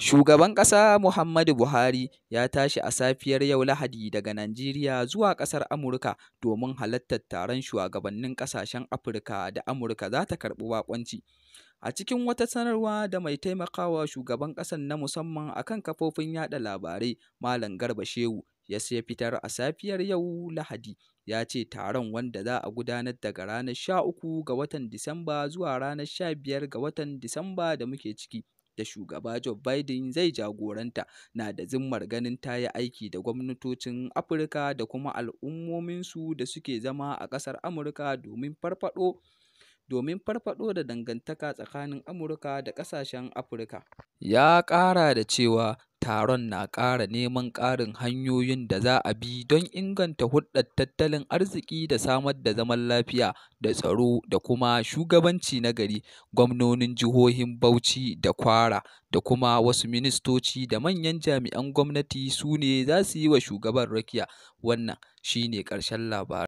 Shugaban ƙasa Muhammadu Buhari ya tashi a safiyar yau Lahadi daga Najeriya zuwa ƙasar Amurka domin halartar taron shugabannin ƙasashen Afirka da Amurka za ta karɓi waƙonci. A cikin wata sanarwa da mai taimakawa shugaban ƙasar na musamman a kan kafofin yaɗa labarai, Malam Garba Shehu ya sai fitar a safiyar yau Lahadi ya ce taron wanda za a gudanar daga ranar 13 ga watan Disamba zuwa ranar 15 ga watan Disamba da muke ciki. da shugaba Joe Biden zai jagoranta na da zimmar ganin ta yi aiki da gwamnatocin Afirka da kuma al'ummominsu da suke zama a ƙasar Amurka domin farfaɗo domin farfado da dangantaka tsakanin Amurka da ƙasashen Afirka. Ya ƙara da cewa taron na ƙara neman ƙarin hanyoyin da za a bi don inganta hulɗar tattalin arziki da samar da zaman lafiya da tsaro da kuma shugabanci na gari. Gwamnonin jihohin Bauchi da Kwara da kuma wasu ministoci da manyan jami'an gwamnati su ne za su yi wa shugaban rakiya. Wannan shi ne ƙarshen labarin.